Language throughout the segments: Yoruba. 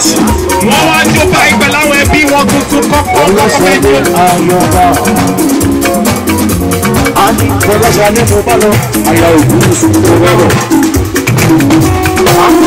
sí. wọ́n wá jó báyìí pẹ̀lú àwọn ẹbí wọn tuntun kọ́kọ́ kọ́kọ́ fẹ́ jó. àní pọlọsọ ní mo bá lọ àyà ògùn sùn tó wẹrọ. ọmọ.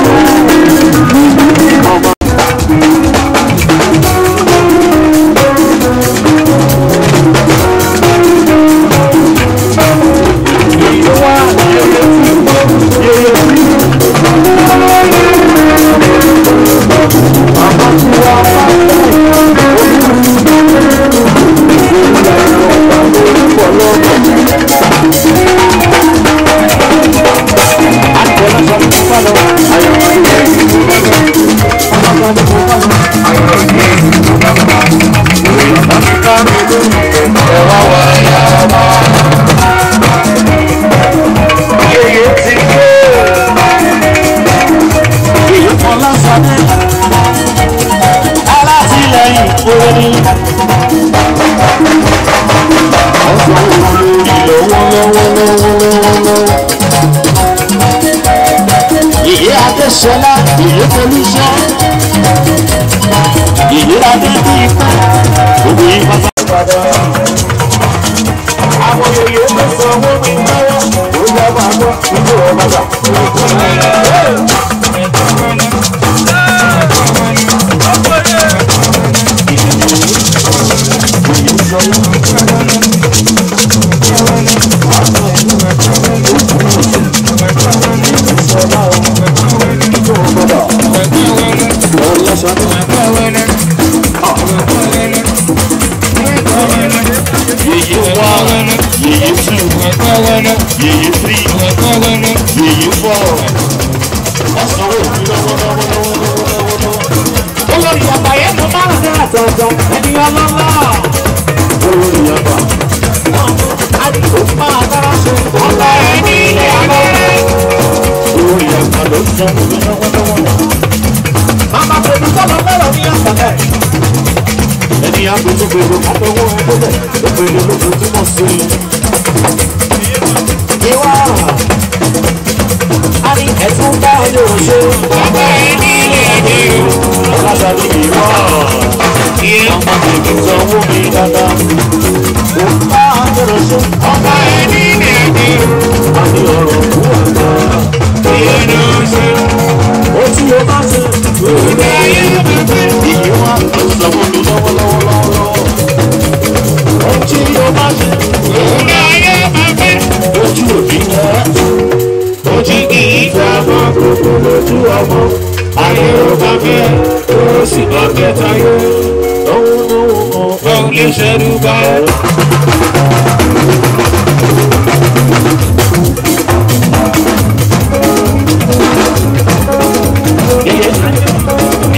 Ṣọlá ìyè solution. Ìyíra dé bí ipá, gbogbo yín bàbá. Àwọn òyìnbó sọ wọ́n mi náwó. Yèyé three, four. Ọ̀sánwó òfin lọ́wọ́lọ́wọ́lọ́wọ́. Olórí àgbà yẹn àtòkùngbèrò àtọwọ́. Ole lè ṣẹ̀rù bá ẹ.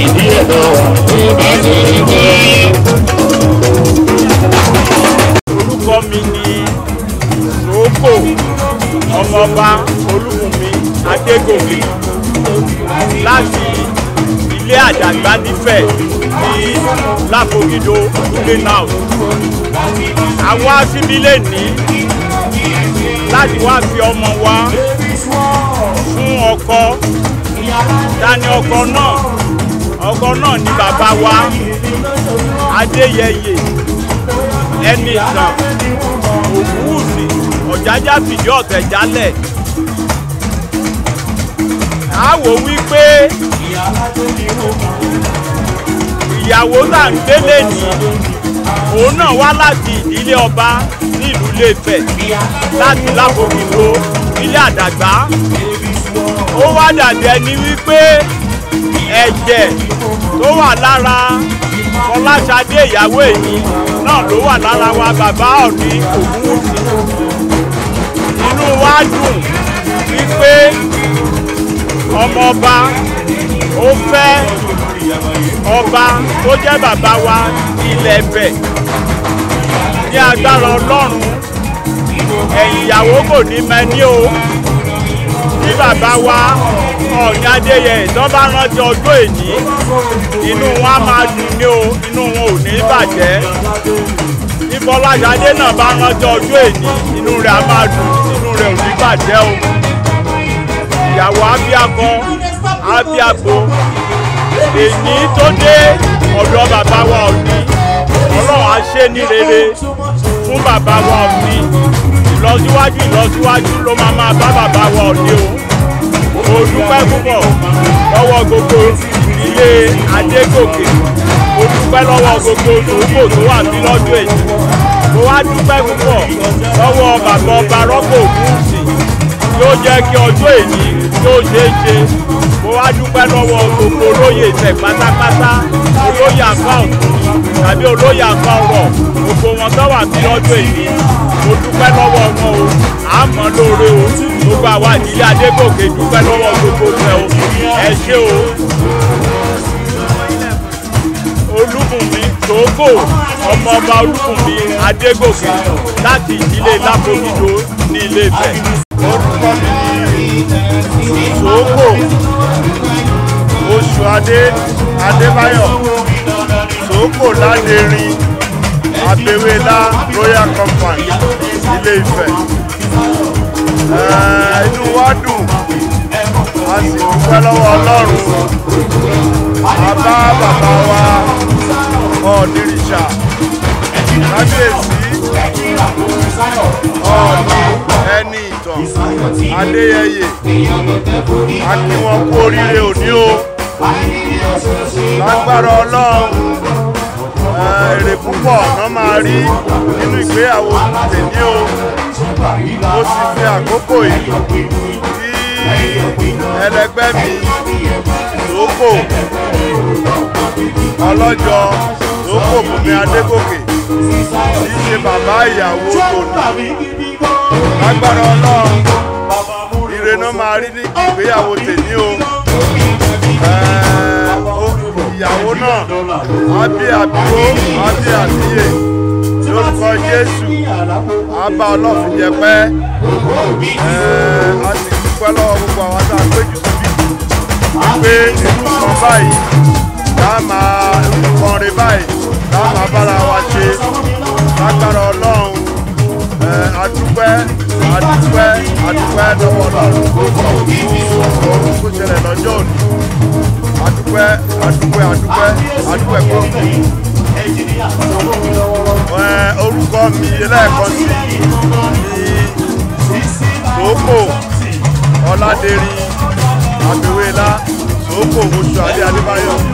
ìdí ẹ̀dọ̀ wà tó bá tó rí bẹ́ẹ̀. orúkọ mi ni sòókò ọmọọba olúbùnmi adégòkè láti ilé àdàgbà nífẹ̀ẹ́ àforíjọ Túndé náà àwa síbi lè ní láti wá fi ọmọ wa fún ọkọ dání ọkọ náà ọkọ náà ni bàbá wa Adéyẹyè Ẹnìtàn Ògúnwùsì Ọ̀jájá fìdí ọ̀tẹ̀ jálẹ̀ a wípé ìyàwó là ń gbé lẹ́nì òun náà wá láti ìdílé ọba nílùú lẹ́fẹ̀ láti láfòkìtò ilé àdàgbà ó wá dàbí ẹni wípé ẹ̀jẹ̀ tó wà lára Fọláṣadé ìyàwó èyí náà ló wà lára wa bàbá Ọ̀ọ̀ni Ògúnwùsì inú wa dùn wípé ọmọọba ó fẹ́ ọba tó jẹ́ bàbá wa ilẹ̀ bẹ̀ ní agbára ọlọ́run ẹ̀yìn ìyàwó kò ní mẹ́ni o bí bàbá wa ọ̀ọ̀ni adéyẹ tó bá rántí ọjọ́ èní inú wọn á máa dùn ní o inú wọn ò ní bàjẹ́ bí Fọláṣadé náà bá rántí ọjọ́ èní inú rẹ̀ á máa dùn inú rẹ̀ ò ní bàjẹ́ o ìyàwó abíakọ abíagbo èyí tó dé ọ̀dọ̀ bàbá wa Ọ̀ọ̀ni ọlọ́run á ṣe ní rere fún bàbá wa Ọ̀ọ̀ni ìlọsíwájú ìlọsíwájú ló máa máa bá bàbá wa Ọ̀ọ̀ni o mo dúpẹ́ púpọ̀ lọ́wọ́ gbogbo ilé adégòkè mo dúpẹ́ lọ́wọ́ gbogbo sòwò tó wà ní lọ́dún èyí mo wá dúpẹ́ púpọ̀ lọ́wọ́ bàbá ọba rọ́pò òkú sí tí ó jẹ́ kí ọjọ́ èyí tí ó ṣeé ṣe mo wá dúpẹ́ lọ́wọ́ gbogbo olóyè ìtẹ̀ pátápátá olóyè àfa ọ̀tún tàbí olóyè àfa ọ̀rọ̀ gbogbo wọn tó wà sí ọjọ́ èyí mo dúpẹ́ lọ́wọ́ wọn o àmọ́ lóore o gbogbo àwa ìdílé Adégòkè dúpẹ́ lọ́wọ́ gbogbo rẹ o ẹ ṣé o olúbùnmi tóógò ọmọ ọba olùkùnbí adégòkè láti ìdílé lápòmídó ní ilé Ifẹ̀. orúkọ mi ni tóógò oṣù adé adébáyọ̀ tóógò ládẹrin abewela royal company ilé Ifẹ̀. inú wa dùn a sì dúpẹ́ lọ́wọ́ ọlọ́run bàbá bàbá wa ọ̀dìrìṣà kábíyèsí ọ̀nì ẹni ìtàn adéyẹyè akíwọn kú oríire òní o lágbára ọlọ́run èrè púpọ̀ ọ̀nà máa rí nínú ìgbéyàwó tèmi o ó sì fi àkókò yìí tí ẹlẹgbẹ́ mi lóko ọlọ́jọ́ olókòkùnrin adégòkè tí í ṣe bàbá ìyàwó tòní lágbára ọlọ́run ìrènà máa rí ní ìgbéyàwó tèmi o ìyàwó náà á bí àbúrò àbíyè lórúkọ jésù á ọlọ́fin jẹ pẹ́ á sì dúpẹ́ lọ́wọ́ gbogbo àwọn tá a péjú síbi wípé ètò ìsọ̀bá yìí ká máa. lágbára ọlọ́run adúpẹ́ adúpẹ́ adúpẹ́ lọ́wọ́ ọlọ́run ohun tó ṣẹlẹ̀ lọ́jọ́ òní adúpẹ́ adúpẹ́ adúpẹ́ adúpẹ́ gbòógì orúkọ mi lẹ́ẹ̀kan sí ni sòókò ọládẹ́rìn àbẹ̀wéla sòókò oṣù adé adébáyọ̀.